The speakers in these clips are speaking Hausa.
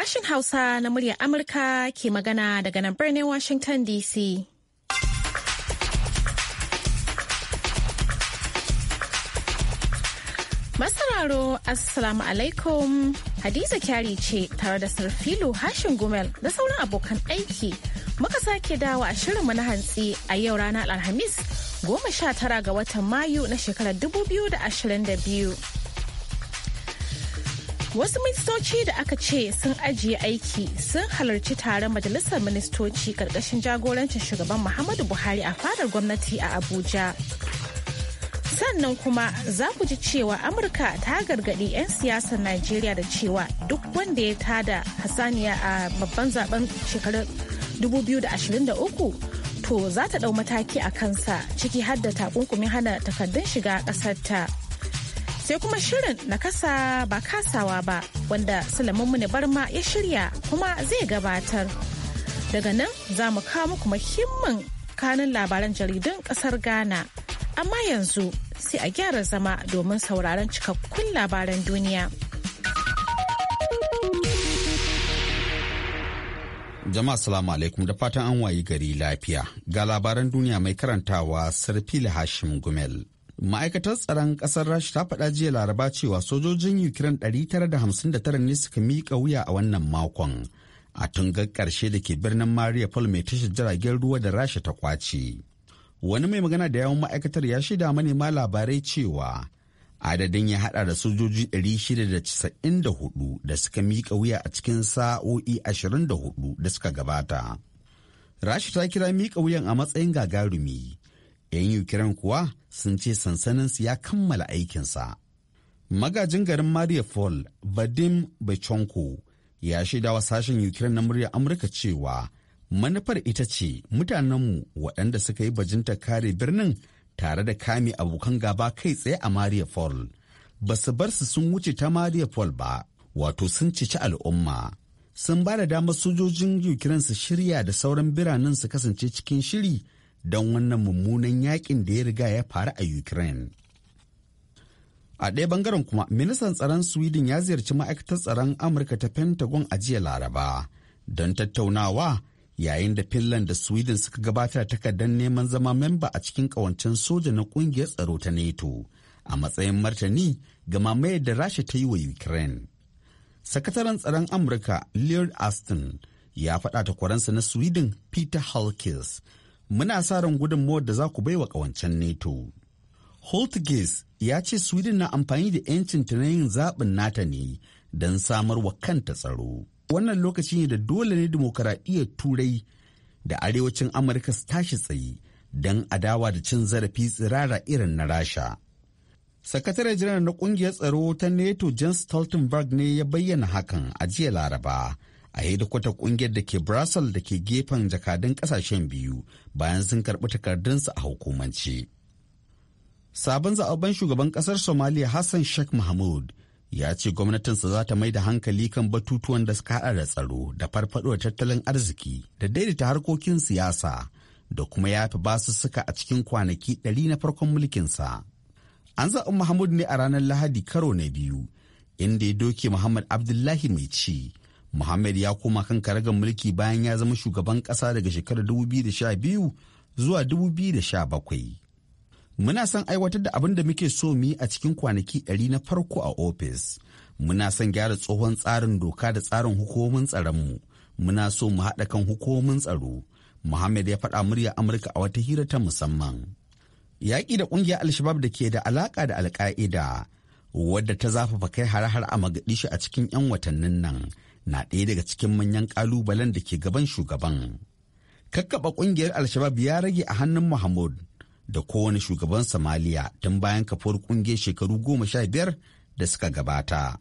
Sashen Hausa na muryar Amurka ke magana daga nan birnin Washington DC. Masararo Assalamu alaikum Hadiza Kyari ce tare da Sarfilo Hashin Gumel da sauran abokan aiki muka sake dawa a shirinmu na hantsi a yau ranar Alhamis goma sha tara ga watan Mayu na shekarar 2022. Wasu ministoci da aka ce sun ajiye aiki sun halarci taron majalisar ministoci karkashin jagorancin shugaban Muhammadu Buhari a fadar gwamnati a Abuja. Sannan kuma za ku ji cewa Amurka ta gargaɗi 'yan siyasar Najeriya da cewa duk wanda ya tada hasaniya a babban zaben shekarar 2023 to za ta ɗau mataki a kansa ciki har da takunkumin hana takardun shiga ƙasarta. ta. sai kuma shirin na kasa ba kasawa ba wanda Sulaiman barma ya shirya kuma zai gabatar. Daga nan za mu kawo muku muhimmin kanin labaran jaridun kasar Ghana. Amma yanzu sai a gyara zama domin sauraron cikakkun labaran duniya. Jama'a salamu alaikum da fatan an wayi gari lafiya. Ga labaran duniya mai karantawa Sarfila Hashim Gumel. ma'aikatar tsaron ƙasar rasha ta faɗa jiya laraba cewa sojojin ukraine 959 ne suka miƙa wuya a wannan makon a tungar ƙarshe da ke birnin mariupol mai tashar jiragen ruwa da rasha ta kwace wani mai magana da yawan ma'aikatar ya shaida manema labarai cewa adadin ya haɗa da sojoji 694 da suka miƙa wuya a cikin sa'o'i 24 da suka gabata rasha ta kira miƙa wuyan a matsayin gagarumi 'yan ukraine kuwa sun ce sansaninsu ya kammala aikinsa magajin garin Maria mariupol vadim bechonko ya shaida wa sashen ukraine na muryar amurka cewa manufar ita ce mutanenmu waɗanda suka yi bajinta kare birnin tare da kame abokan gaba kai tsaye a mariupol ba su bar su sun wuce ta Maria mariupol ba wato sun cici al'umma sun ba da damar sojojin ukraine su shirya da sauran biranen su kasance cikin shiri don wannan mummunan yakin da ya riga ya faru a ukraine a ɗaya bangaren kuma ministan tsaron sweden ya ziyarci ma'aikatar tsaron amurka ta pentagon a jiya laraba don tattaunawa yayin da finland da sweden suka gabatar takardar neman zama memba a cikin kawancen soja na kungiyar tsaro ta nato a matsayin martani ga mamayar da rasha ta yi wa ukraine sakataren tsaron amurka lord aston ya faɗa takwaransa na sweden peter halkis muna sa ran gudunmawar da za ku baiwa ƙawancen neto holtgis ya ce sweden na amfani da 'yancin ta yin zaɓin nata ne don samar wa kanta tsaro wannan lokaci ne da dole ne dimokuraɗiyyar turai da arewacin amurka su tashi tsayi don adawa da cin zarafi tsirara irin na rasha sakataren jiran na ƙungiyar tsaro ta nato jens stoltenberg ne ya bayyana hakan a jiya laraba a kwata kungiyar da ke Brussels da ke gefen jakadun kasashen biyu bayan sun karɓi takardunsa a hukumance. Sabon zaɓen shugaban ƙasar somaliya Hassan Sheikh Mahmud ya ce gwamnatinsa za ta mai da hankali kan batutuwan da suka haɗa da tsaro da farfaɗo tattalin arziki da daidaita harkokin siyasa da kuma ya fi yafi suka a cikin kwanaki ɗari na farkon mulkinsa. An zaɓi Mahmud ne a ranar Lahadi karo na biyu inda ya doke Muhammad Abdullahi mai ci. Muhammad ya koma kan karagar mulki bayan ya zama shugaban ƙasa daga shekarar 2012 zuwa 2017. Muna son aiwatar da abin da muke so mu yi a cikin kwanaki 100 na farko a ofis. Muna son gyara tsohon tsarin doka da tsarin hukumomin tsaronmu. Muna so mu haɗa kan hukumomin tsaro. Muhammad ya faɗa murya Amurka a wata hira ta musamman. Yaƙi da ƙungiyar Alshabab da ke da alaƙa da Alƙa'ida, wadda ta zafafa kai har-har a shi a cikin 'yan watannin nan. na ɗaya daga cikin manyan ƙalubalen da ke gaban shugaban. Kakkaɓa ƙungiyar Alshabab ya rage a hannun Mahmud da kowane shugaban Somaliya tun bayan kafuwar ƙungiyar shekaru goma sha biyar da suka gabata.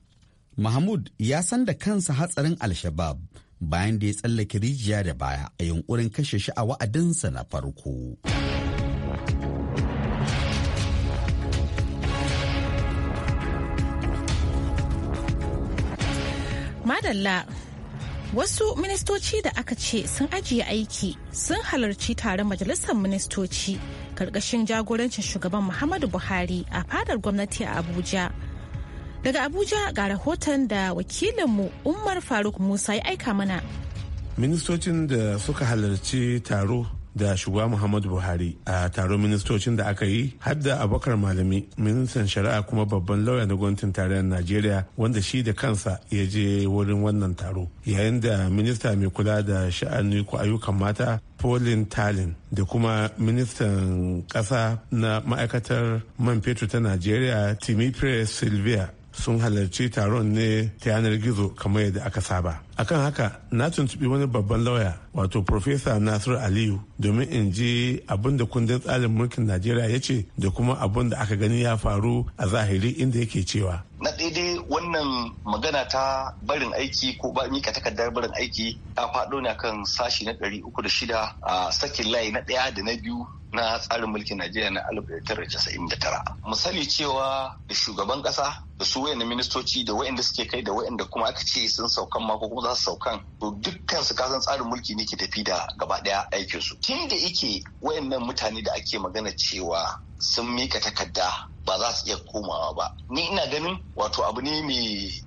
Mahmud ya san da kansa hatsarin Alshabab bayan da ya tsallake rijiya da baya a yunkurin kashe shi a wa'adinsa na farko. Madalla Wasu ministoci da aka ce sun ajiye aiki sun halarci taron majalisar ministoci karkashin jagorancin shugaban Muhammadu Buhari a fadar gwamnati a Abuja. Daga Abuja ga rahoton da wakilinmu Umar Faruk Musa ya aika mana. Ministocin da suka halarci taro da shugaba muhammadu buhari a taron ministocin da aka yi hadda abokar malami ministan shari'a kuma babban lauya na gwamnatin tarayyar najeriya wanda shi da kansa ya je wurin wannan taro yayin da minista mai kula da sha'ani ko ayyukan mata polin Talin da kuma ministan kasa na ma'aikatar man fetur ta Najeriya pre Silvia sun halarci taron ne ta yanar gizo kamar yadda aka saba. akan haka na tuntubi wani babban lauya wato profesa nasir aliyu domin in ji abin da kundin tsarin mulkin najeriya ya ce da kuma abin da aka gani ya faru a zahiri inda yake cewa na daidai wannan magana ta barin aiki ko ba mika takardar barin aiki ta faɗo ne akan sashi na ɗari shida a sakin layi na ɗaya da na biyu na tsarin mulkin Najeriya na 1999. Misali cewa da shugaban ƙasa da su wayan ministoci da wayanda suke kai da wayanda kuma aka ce sun saukan mako kuma za su saukan to dukkan su kasan tsarin mulki ne ke tafi da gaba daya aikin su tun da yake wayannan mutane da ake magana cewa sun mika takarda ba za su iya komawa ba ni ina ganin wato abu ne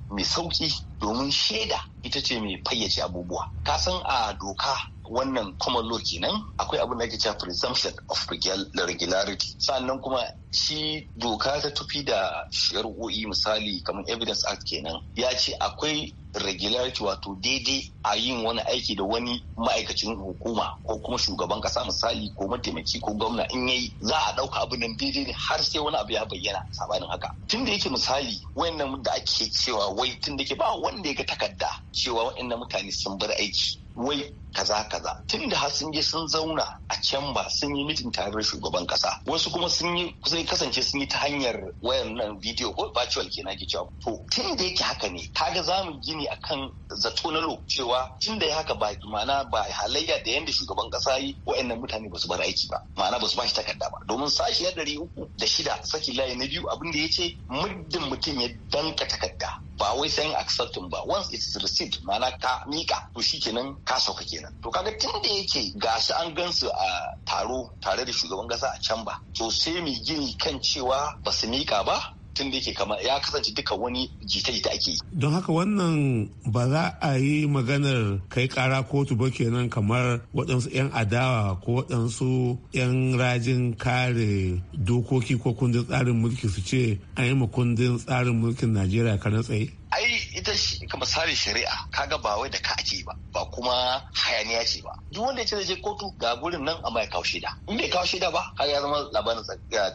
mai sauki domin shaida ita ce mai fayyace abubuwa kasan a doka wannan common law kenan akwai abin da ake cewa presumption of regularity sannan kuma shi doka ta tufi da shari'o'i misali kamar evidence act kenan ya ce akwai regularity wato daidai a yin wani aiki da wani ma'aikacin hukuma ko kuma shugaban kasa misali ko mataimaki ko gwamna in yayi za a ɗauka abin nan daidai ne har sai wani abu ya bayyana sabanin haka tun da yake misali wayannan da ake cewa wai tun da ke ba wanda ya ga takarda cewa wayannan mutane sun bar aiki wai kaza kaza tun da sun je sun zauna a can ba sun yi mitin tare da shugaban kasa wasu kuma sun yi kusan kasance sun yi ta hanyar wayan nan bidiyo ko oh, virtual kenan ke cewa to tun da yake haka ne kaga za mu gini akan zato na lo cewa tun da ya haka ba ma'ana ba halayya da yanda shugaban kasa yi wayannan mutane ba su bar aiki ba ma'ana ba su ba shi takarda ba domin sashi ya dari uku da shida saki layi na biyu abin da ya ce muddin mutum ya danka takarda ba wai sayin accepting ba once it's received ma'ana ka mika to shi kenan ka sauka kenan kenan to kaga tun da yake gasu an gansu a taro tare da shugaban kasa a can ba to sai mu gini kan cewa ba su mika ba tun da yake kama ya kasance duka wani jita-jita ake yi. Don haka wannan ba za a yi maganar kai kara kotu ba kenan kamar waɗansu 'yan adawa ko waɗansu 'yan rajin kare dokoki ko kundin tsarin mulki su ce an yi ma kundin tsarin mulkin Najeriya karan tsaye. ai ita shi ka misali shari'a kaga ba wai da ka ake ba ba kuma hayaniya ce ba duk wanda ya ce je kotu ga gurin nan amma ya kawo shaida in bai kawo shaida ba kaga ya zama labarin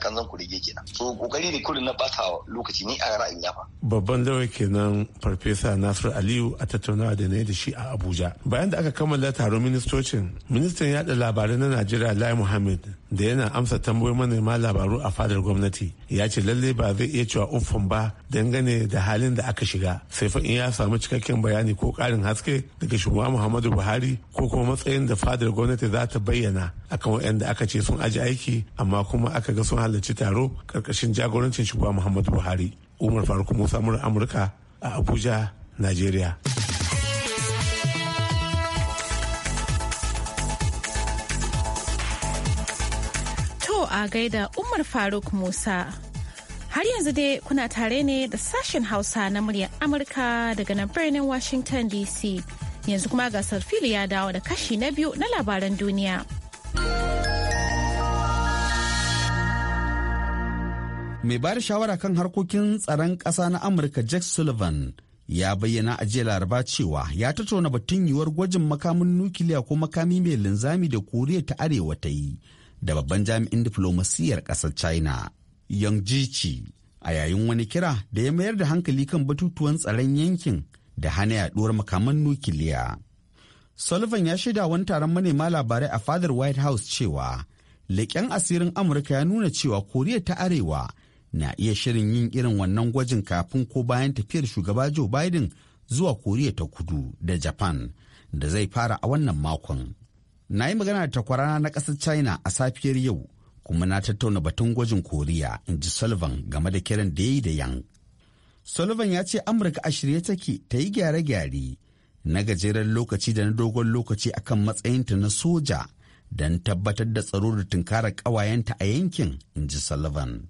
kanzan kurege kenan so kokari ne kurin na bata lokaci ni a ra'ayin ba babban lauya kenan farfesa Nasiru Aliyu a tattaunawa da na da shi a Abuja bayan da aka kammala taron ministocin ministan yada labarai na Najeriya Lai Muhammad da yana amsa tambayoyin manema labaru a fadar gwamnati ya ce lalle ba zai iya cewa uffan ba dangane da halin da aka shiga gida sai fa in ya samu cikakken bayani ko karin haske daga shugaba muhammadu buhari ko kuma matsayin da fadar gwamnati za ta bayyana akan waɗanda aka ce sun aji aiki amma kuma aka ga sun halarci taro karkashin jagorancin shugaba muhammadu buhari umar faruk musa mura amurka a abuja najeriya a gaida Umar Faruk Musa. Har yanzu dai kuna tare ne da sashen Hausa na muryar Amurka daga nan birnin Washington DC. Yanzu kuma ga Sarfili ya dawo da kashi na biyu na labaran duniya. Mai bayar shawara kan harkokin tsaron ƙasa na Amurka Jack Sullivan ya bayyana a jiya laraba cewa ya tattauna batun yiwuwar gwajin makamin nukiliya ko makami mai linzami da koriya ta arewa ta yi da babban jami'in diflomasiyyar ƙasar china Yangjichi a yayin wani kira da ya mayar da hankali kan batutuwan tsaron yankin da hana yaduwar makaman nukiliya. Sullivan ya shaida wani taron manema labarai a fadar White House cewa leƙen asirin Amurka ya nuna cewa Koriya ta Arewa na iya shirin yin irin wannan gwajin kafin ko bayan tafiyar shugaba Joe Biden zuwa Koriya ta Kudu da Japan da zai fara a wannan makon. Na yi magana da takwarana na ƙasar China a safiyar yau kuma na tattauna batun gwajin koriya in ji sullivan game da kiran da ya yi da yang sullivan ya ce amurka a shirye take ta yi gyare-gyare na gajeren lokaci da na dogon lokaci akan matsayinta na soja don tabbatar da tsaro da tunkarar kawayenta a yankin in ji sullivan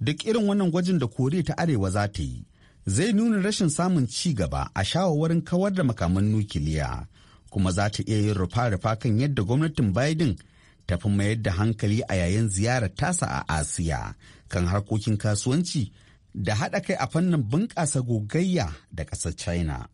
duk irin wannan gwajin da koriya ta arewa za ta yi zai nuna rashin samun ci gaba a shawarwarin kawar da makaman nukiliya kuma za ta iya yin rufa-rufa kan yadda gwamnatin biden tafi mayar da hankali a yayin ziyarar tasa a asiya kan harkokin kasuwanci da haɗa kai a fannin bunƙasa gogayya da ƙasar china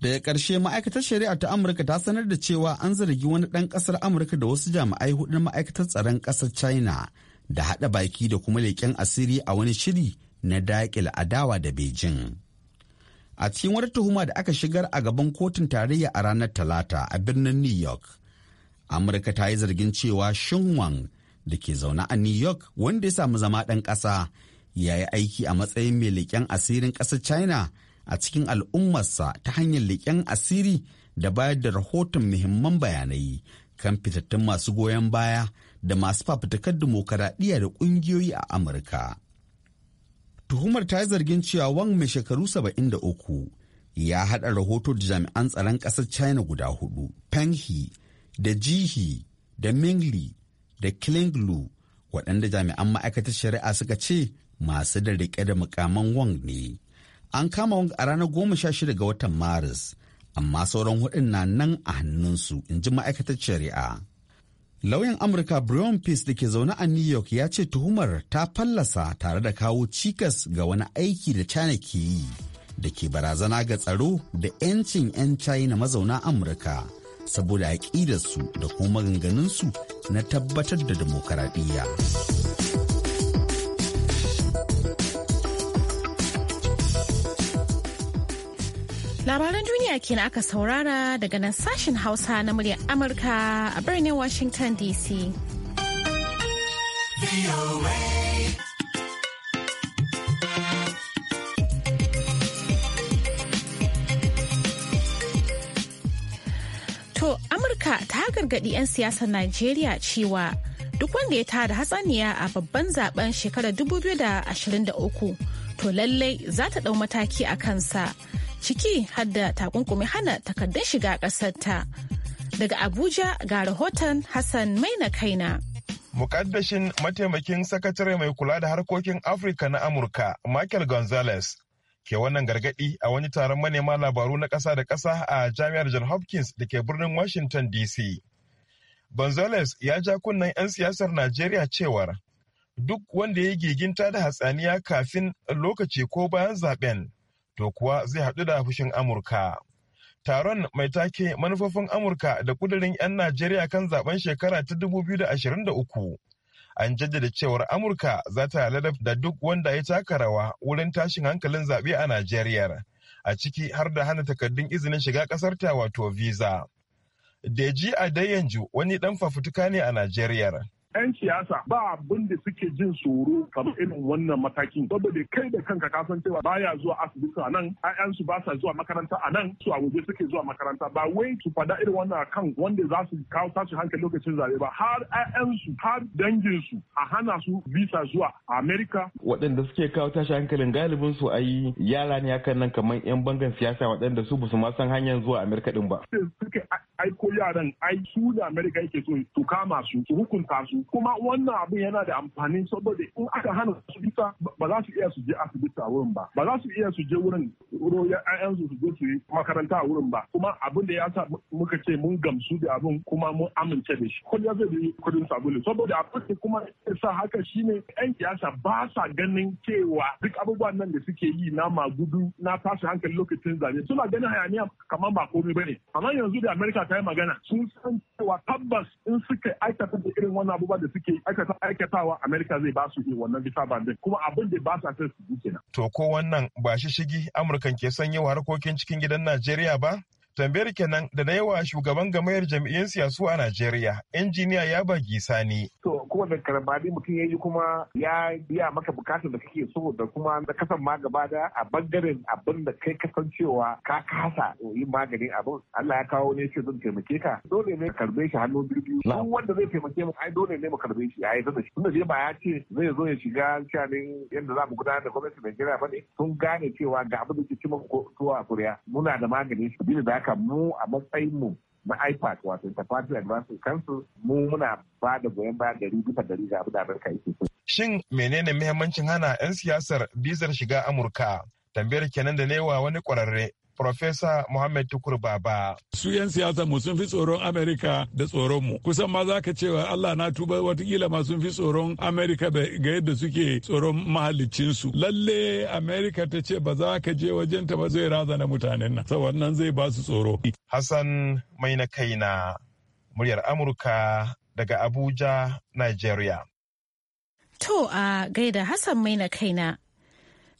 daga ƙarshe ma'aikatar shari'a ta amurka ta sanar da cewa an zargi wani ɗan ƙasar amurka da wasu jami'ai hudu ma'aikatar tsaron ƙasar china da haɗa baki da kuma leƙen asiri a wani shiri na daƙil adawa da beijing a cikin wata tuhuma da aka shigar a gaban kotun tarayya a ranar talata a birnin new york amurka ta yi zargin cewa shinwang da ke zaune a new york wanda ya samu zama ɗan ƙasa ya yi aiki a matsayin mai leƙen asirin ƙasar china a cikin al'ummarsa ta hanyar leƙen asiri da bayar da rahoton muhimman bayanai kan fitattun masu goyon baya da masu fafutukar dimokuraɗiyya da ƙungiyoyi a amurka tuhumar ta yi zargin cewa wang mai shekaru saba'in da uku ya haɗa rahoto da jami'an tsaron ƙasar china guda hudu peng he da jihi da mingli da klinglu waɗanda jami'an ma'aikatar shari'a suka ce masu da riƙe da mukaman wang ne an kama wang a ranar goma sha shida ga watan maris amma sauran hudun na nan a hannunsu in ji ma'aikatar shari'a lauyan amurka brian peace da ke zaune a new york ya ce tuhumar ta fallasa tare da kawo cikas ga wani aiki da china ke yi da ke barazana ga tsaro da 'yancin 'yan china mazauna amurka saboda aƙidarsu da kuma maganganunsu na tabbatar da demokaradiyya. Labaran duniya kenan aka saurara daga nan sashen Hausa na muryar Amurka a birnin Washington DC. To, Amurka ta gargaɗi 'yan siyasar Najeriya cewa duk wanda ya tada hatsaniya a babban zaben shekarar 2023 to lallai za ta ɗau mataki a kansa ciki hadda takunkumi hana takardun shiga ƙasar ta. Daga Abuja ga rahoton Hassan Maina Kaina. Mukaddashin mataimakin sakatare mai kula da harkokin Afirka na Amurka, Michael Gonzalez, ke wannan gargadi a wani taron manema labaru na ƙasa da ƙasa a jami'ar John Hopkins da ke birnin Washington DC. Gonzales ya ja kunnen 'yan siyasar Najeriya cewar duk wanda ya yi giginta da hatsaniya kafin lokaci ko bayan zaben to kuwa zai haɗu da fushin Amurka. Taron mai take manufofin Amurka da kudurin 'yan Najeriya kan zaben shekara ta 2023 an jaddada cewar amurka za ta ladab da duk wanda ya taka rawa wurin tashin hankalin zaɓe a najeriya a ciki har da hana takardun izinin shiga ƙasarta wato visa deji a yanzu wani ɗan fafutuka ne a najeriya 'yan siyasa ba abin da suke jin tsoro kamar irin wannan matakin saboda kai da kanka ka san cewa baya zuwa asibiti a nan ayan su ba sa zuwa makaranta a nan su a waje suke zuwa makaranta ba wai su fada irin wannan akan wanda za su kawo tashin hankali lokacin zabe ba har ayan su har dangin su a hana su visa zuwa america waɗanda suke kawo tashin hankalin galibin su a yi yara ne akan nan kamar 'yan bangan siyasa waɗanda su ba su ma san hanyar zuwa america din ba suke aiko yaran ai su da Amerika yake so su kama su su hukunta su kuma wannan abin yana da amfani saboda in aka hana su bisa ba za su iya su je asibiti a wurin ba ba za su iya su je wurin royar ayansu su je su yi makaranta a wurin ba kuma abin da ya sa muka ce mun gamsu da abin kuma mun amince da shi ya zai yi kudin sabulu saboda abin da kuma sa haka shine yan siyasa ba sa ganin cewa duk abubuwan nan da suke yi na magudu na tashi hankali lokacin zabe suna ganin hayaniya kamar ba komai bane amma yanzu da america ta yi magana sun san cewa tabbas in suka aikata da irin wannan abubuwa. abubuwa da suke aikatawa Amerika zai ba su wannan visa bandin kuma abin da ba sa son su kenan. To ko wannan ba shi shigi Amurkan ke sanya harkokin cikin gidan Najeriya ba? Tambayar kenan da na yawa shugaban gamayar jam'iyyar siyasu a Najeriya, injiniya ya bagi sani. To kuma da karambani mutum ya yi kuma ya biya maka bukatar da kake so da kuma na kasan ma gaba da a bangaren abin da kai kasancewa ka kasa yin maganin abin. Allah ya kawo ne ce zan taimake ka. Dole ne ka karbe shi hannu biyu biyu. Duk wanda zai taimake mu ai dole ne mu karbe shi a yi shi. Tunda ba ya ce zai zo ya shiga shanin yadda za mu gudanar da gwamnatin Najeriya ba ne. Sun gane cewa ga abin da ke cimma tuwa a Kuriya. Muna da maganin shi. Sabili da haka mu a matsayin mu na IPAC wato Interparty Advancing Council mu muna ba da goyon baya dari bisa dari ga abin da Amurka yake so. Shin menene mahimmancin hana 'yan siyasar bizar shiga Amurka? Tambayar kenan da newa wani kwararre Profesa Muhammad Tukur Baba. Su 'yan siyasa mu sun fi tsoron Amerika da tsoron mu. Kusan ma za ka cewa Allah na tuba watakila ma sun fi tsoron Amerika da ga yadda suke tsoron mahaliccinsu. Lalle Amerika ta ce ba za ka je wajenta ba zai razana mutanen nan. Saboda nan zai ba su tsoro. Hassan mai na kaina muryar Amurka daga Abuja, Nigeria. To a gaida Hassan mai na kaina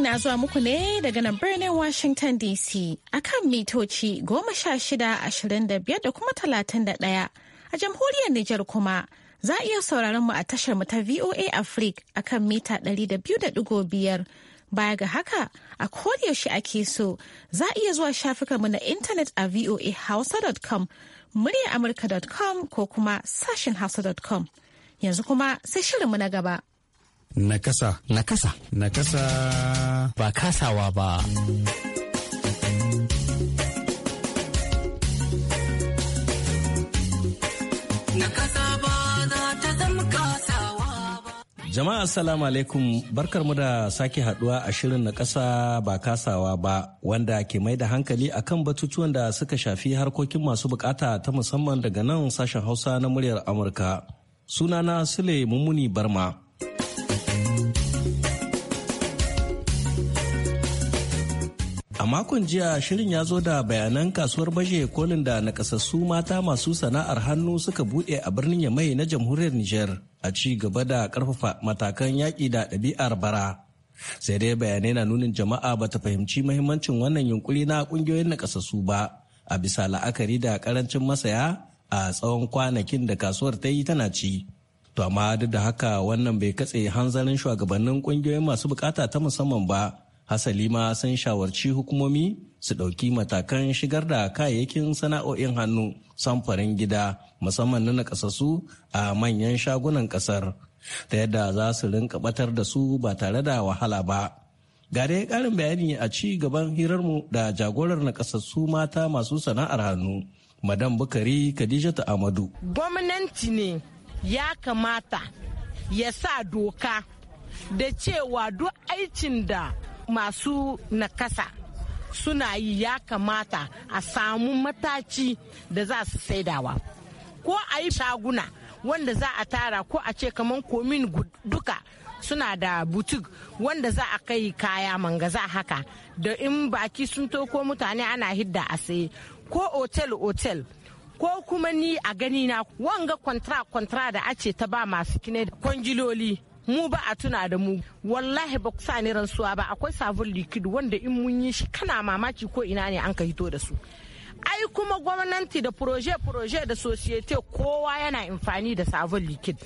na zuwa muku ne daga nan birnin Washington DC akan mitoci goma sha shida ashirin da biyar da kuma talatin da ɗaya. A jamhuriyar Nijar kuma za a iya sauraron mu a tashar mu ta VOA Africa akan mita ɗari da biyu da ɗigo biyar. Baya ga haka a yaushe ake so za a iya zuwa shafukanmu na intanet a voahausa.com, muryaamurka.com ko kuma sashen hausa.com. Yanzu kuma sai shirinmu na gaba. Nakasa. Nakasa. Nakasa. Ba kasawa ba. Jama'a assalamu alaikum barkarmu da sake haduwa a shirin na kasa ba kasawa ba wanda ke mai da hankali akan batutuwan da suka shafi harkokin masu bukata ta musamman daga nan sashen hausa na muryar Amurka. Sunana Sule Mummuni Barma. makon jiya shirin ya zo da bayanan kasuwar baje kolin da nakasassu mata masu sana'ar hannu suka bude a birnin yamai na jamhuriyar Nijar a ci gaba da karfafa matakan yaƙi da ɗabi'ar bara. Sai dai bayanai na nunin jama'a bata fahimci mahimmancin wannan yunkuri na ƙungiyoyin nakasassu ba a bisa la'akari da karancin masaya a tsawon kwanakin da kasuwar ta yi tana ci. To amma duk da haka wannan bai katse hanzarin shugabannin ƙungiyoyin masu bukata ta musamman ba hasali ma sun shawarci hukumomi su ɗauki matakan shigar da kayayyakin sana'o'in hannu samfarin gida musamman na nakasassu a manyan shagunan kasar ta yadda za su rinka batar da su ba tare da wahala ba gare ƙarin bayani a ci gaban hirarmu da jagorar nakasassu mata masu sana'ar hannu madam bukari khadijatu amadu gwamnati ne ya kamata ya sa doka da cewa duk aikin da masu nakasa suna yi ya kamata a samu mataci da za su saidawa ko a yi shaguna wanda za a tara ko a ce kamar komin duka suna da butik wanda za a kai kaya mangaza haka da in baki sun toko mutane ana hidda a saye ko otel-otel ko kuma ni a gani na wanga kwantra kwantara da ace ta ba masu kine da kwangiloli mu ba a tuna da mu wallahi ba ku sa ni rantsuwa ba akwai sabon likid wanda in mun yi shi kana mamaki ko ina ne an ka hito da su ai kuma gwamnati da proje proje da societe kowa yana amfani da sabon likid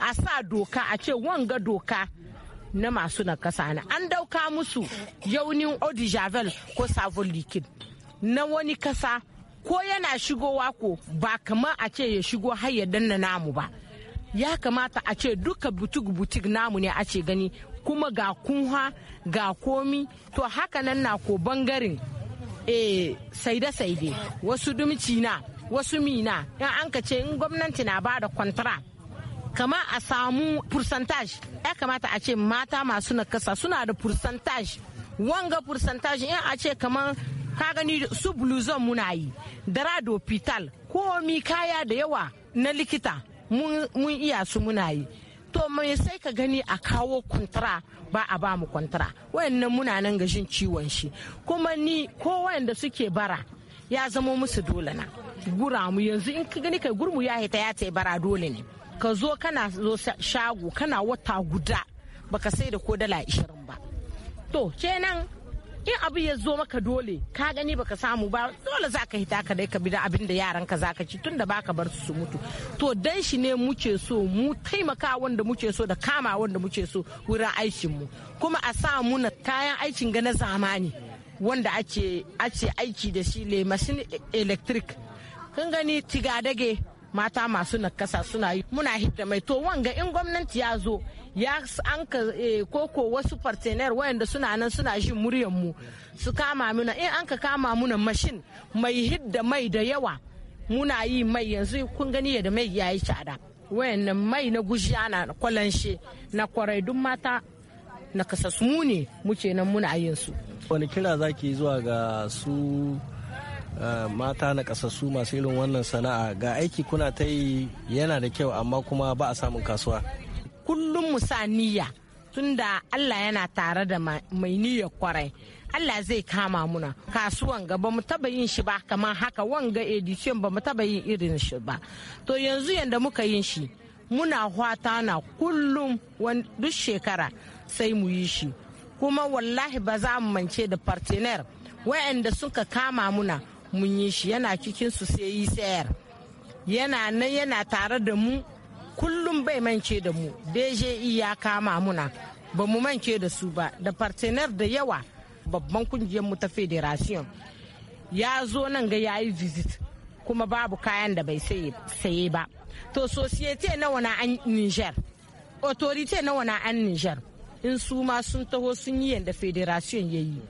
a sa doka a ce wanga doka na masu na kasa na an dauka musu yaunin odijavel ko sabon likid na wani kasa ko yana shigowa ko ba kamar a ce ya shigo har ya danna namu ba ya kamata a ce duka butik-butik namu ne a ce gani kuma ga kunha ga komi to hakanan na ko bangaren e, saide-saide wasu dumci na wasu mina in an ka ce in gwamnati na ba da kwantara kama a samu percentage ya kamata a ce mata masu nakasa suna da percentage wanga percentage in a ce kamar ka gani su bluzon muna yi dara da hospital komi kaya da yawa na likita mun iya su muna yi to mai sai ka gani a kawo kuntura ba a ba mu kwantara wayannan muna nan ga gashin ciwon shi kuma ni ko wayanda suke bara ya zama musu dole na gura mu yanzu in ka gani kai gurmu ya hita ya ta bara dole ne ka zo kana zo shago kana wata guda baka sai da ko dala ishirin ba to kenan in abu ya zo maka dole ka gani baka samu ba dole za ka hita ka dai ka bi da abin da yaran ka zaka ci tunda baka bar su su mutu to dan shi ne muke so mu taimaka wanda muke so da kama wanda muke so wurin aikin mu kuma a sa muna kayan aikin ga na zamani wanda ake aiki da shi le machine electric kun gani tigadage mata masu nakasa suna yi muna hidda mai to wanga in gwamnati ya zo ya an ka koko eh, wasu partenaire wayanda suna nan suna jin muryar mu su kama muna in an ka kama muna mashin mai hidda mai da yawa muna yi mai yanzu kun gani yadda mai yi cada wayannan mai na gushi ana kwalanshe na kwarai duk mata na mu ne muke nan muna yin su wani kira zaki zuwa ga su eh, mata na kasasu masu irin wannan sana'a ga aiki kuna ta yi yana da kyau amma kuma ba a samun kasuwa kullum mu sa niyya tunda Allah yana tare da mai niyyar kwarai Allah zai kama muna kasuwan ga bamu taba yin shi ba kama haka wanga edition ba mu taba yin irin shi ba to yanzu yanda muka yin shi muna hwata na kullum duk shekara sai mu yi shi kuma wallahi ba za mu mance da partner wayanda suka kama muna mun yi shi yana cikin su sayar yana nan yana tare da mu kullum bai mance da mu deje ya kama muna ba mu mance da su ba da partenar da yawa babban kungiyar mu ta federation ya zo nan ga yayi visit kuma babu kayan da bai saye ba to societe nawa na an niger autorite nawa na an niger in su ma sun taho sun yi yadda federation ya yi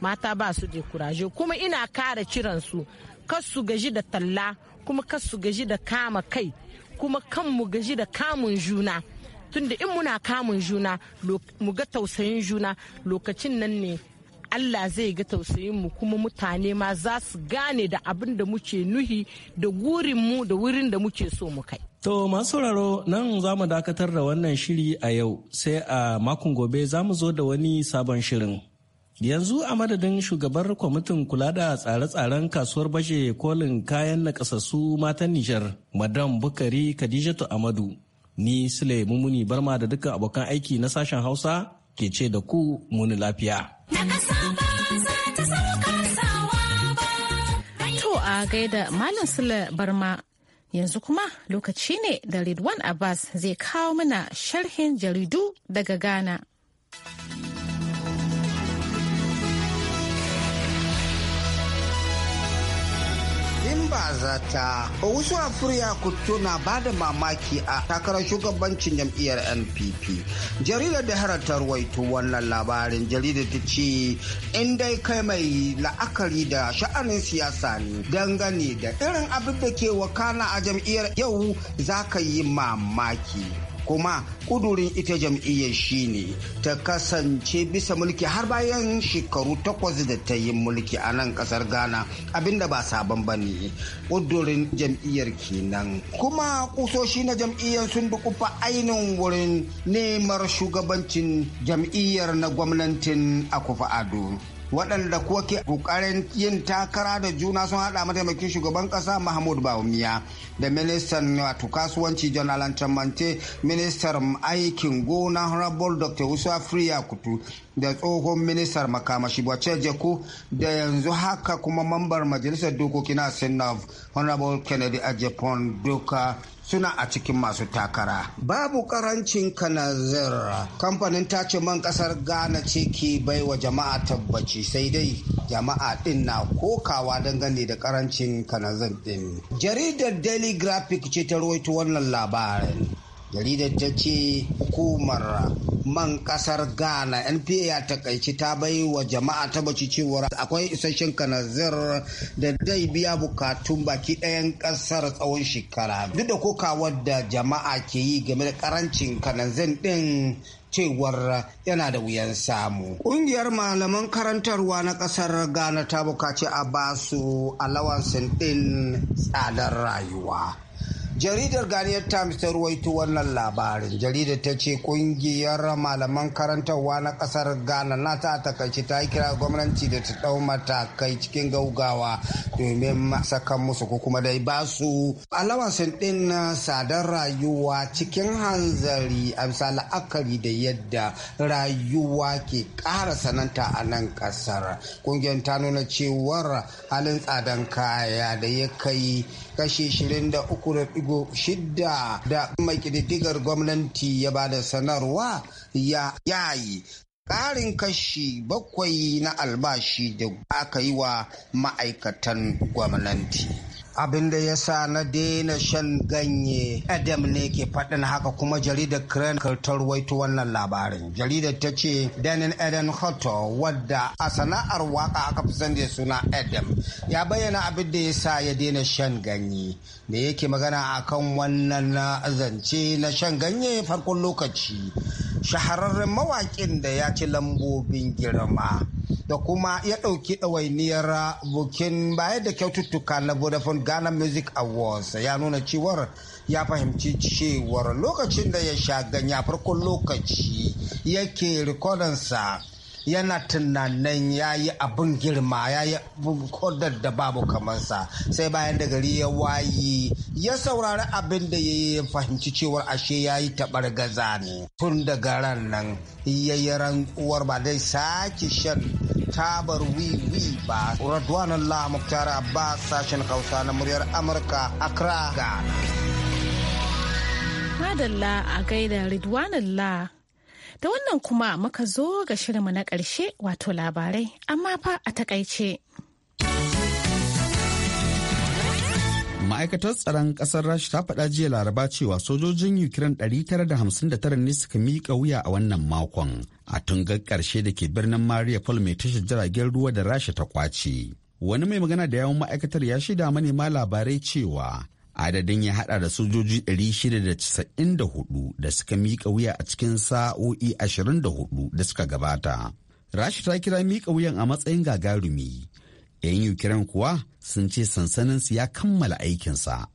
mata ba su da kuraje kuma ina kara kiransu kas su gaji da talla kuma kas su gaji da kama kai kuma kanmu gaji da kamun juna tunda in muna kamun juna mu ga tausayin juna lokacin nan ne Allah zai ga tausayinmu kuma mutane ma za su gane da abin da muke nuhi da gurinmu da wurin da muke so mu kai. To masu sauraro nan za mu dakatar da wannan shiri a yau sai a makon gobe za mu zo da wani sabon shirin. Yanzu a madadin shugabar kwamitin kula da tsare-tsaren kasuwar bashe kolin kayan nakasassu matan Nijar, Madam Bukari Khadijatu Amadu, ni Sule Mumuni Barma da duka abokan aiki na sashen Hausa ke ce da ku muni lafiya. To a gaida Malam Sule Barma yanzu kuma lokaci ne da Ridwan Abbas zai kawo mana sharhin jaridu daga Ghana. ba zata. Owusu Afuriya na ba da mamaki a takarar shugabancin jam'iyyar NPP. Jaridar da Herald ta wannan labarin jaridar ta ce in dai kai mai la'akari da sha'anin siyasa ne dangane da irin abin da ke wakana a jam'iyyar yau za ka yi mamaki. kuma kudurin ita jam'iyyar shine ta kasance bisa mulki har bayan shekaru takwas da ta yi mulki a nan kasar ghana abinda ba sabon ba ne kudurin jam'iyyar kenan kuma kusoshi na jam'iyyar sun kufa ainihin wurin nemar shugabancin jam'iyyar na gwamnatin akufa ado waɗanda kuwa ke ƙoƙarin yin takara da juna sun haɗa mataimakin shugaban ƙasa mahmud bawumiya da ministan wato kasuwanci john alan chamante ministar aikin gona honorable dr usa friya kutu da tsohon ministar makamashi bace jeku da yanzu haka kuma mambar majalisar dokoki na senov honorable kennedy japan doka suna a cikin masu takara. Babu karancin kanazir kamfanin tace man kasar Ghana ce ke bai wa jama'a tabbaci sai dai jama'a din na kokawa dangane da karancin kanazir din. Jaridar Daily Graphic ce ta rawaito wannan labarin. jaridar ta ce hukumar man kasar ghana npa ya takaici ta bai wa jama'a ta baci cewar akwai isasshen kanazir da dai biya bukatun baki ɗayan kasar tsawon shekara duk da koka wadda jama'a ke yi game da karancin kanazin ɗin cewar yana da wuyan samu. Ƙungiyar malaman karantarwa na ƙasar Ghana ta bukaci a basu alawansin ɗin tsadar rayuwa. jaridar ganiyar times ta ruwaito wannan labarin jaridar ta ce kungiyar malaman karantarwa na kasar ghana na ta takaici ta yi kira gwamnati da ta dau matakai cikin gaugawa domin sakan musu ko kuma dai ba su alawansin din sadar rayuwa cikin hanzari a bisa la'akari da yadda rayuwa ke kara sananta a nan kasar kungiyar ta nuna cewar halin tsadan kaya da ya kai kashi 23 shidda da mai ƙididdigar gwamnati ya ba da sanarwa ya yayi ƙarin kashi bakwai na albashi da aka yi wa ma'aikatan gwamnati. abin da ya sa na daina shan ganye adam ne ke faɗin haka kuma jaridar kran kaltar waito wannan labarin jaridar ta ce danin adam hoto wadda a sana'ar waka aka fi sani da suna adam ya bayyana abin da ya sa ya daina shan ganye da yake magana akan wannan zance na shan ganye farkon lokaci shahararren mawakin da ya ci lambobin girma da kuma ya ɗauki ɗawainiyar bukin baya da kyaututtuka na vodafone ghana music awards ya nuna cewar ya fahimci cewar lokacin da ya sha ganya farkon lokaci yake rikodinsa yana tunanin ya yi abin girma ya yi kodar da babu kamansa sai bayan da gari ya wayi ya saurari abin da ya fahimci cewar ashe ya yi taɓar gaza ne tun daga ran nan ya yi rantsuwar ba dai sake shan tabar wiwi ba radwan allah muktar abbas sashen hausa na muryar amurka accra ga madalla a gaida ridwan allah Da wannan kuma muka zo ga shirinmu na ƙarshe wato labarai, amma fa a takaice. Ma'aikatar tsaron ƙasar Rasha ta faɗa jiya laraba cewa sojojin Ukraine 959 ne suka miƙa wuya a wannan makon a tun ƙarshe da ke birnin Mariupol mai tashar jiragen ruwa da Rasha ta kwace. Wani mai magana da yawon ma'aikatar ya shaida manema labarai cewa adadin ya hada da sojoji 694 da suka miƙa wuya a cikin sa'o'i 24 da suka gabata. Rashi ta kira miƙa wuyan a matsayin gagarumi. 'Yan Ukraine kuwa sun ce sansaninsu ya kammala aikinsa.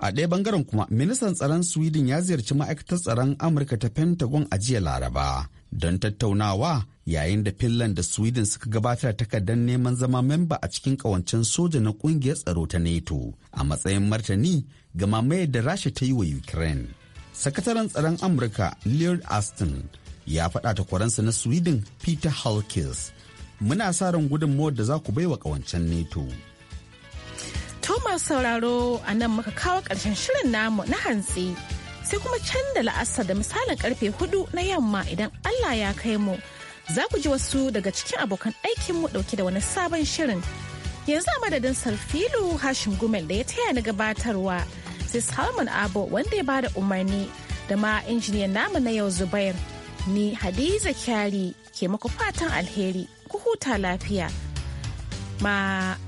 a ɗaya bangaren kuma ministan tsaron sweden ya ziyarci ma'aikatar tsaron amurka ta pentagon a jiya laraba don tattaunawa yayin da finland da sweden suka gabatar takardar neman zama memba a cikin kawancen soja na ƙungiyar tsaro ta nato a matsayin martani ga mamayar da rasha ta yi wa ukraine sakataren tsaron amurka leon aston ya faɗa takwaransa na sweden peter halkis muna sa ran gudunmawar da za ku baiwa kawancen nato masu sauraro a nan muka kawo ƙarshen shirin namu na hantsi. Sai kuma can da la'asar da misalin karfe hudu na yamma idan Allah ya kai mu. Za ku ji wasu daga cikin abokan aikinmu ɗauke da wani sabon shirin. Yanzu a madadin Sarfilu Hashim Gumel da ya taya ni gabatarwa. Sai Salman Abo wanda ya bada umarni da ma injiniyan namu na yau Zubair. Ni Hadiza Kyari ke maku fatan alheri. Ku huta lafiya. Ma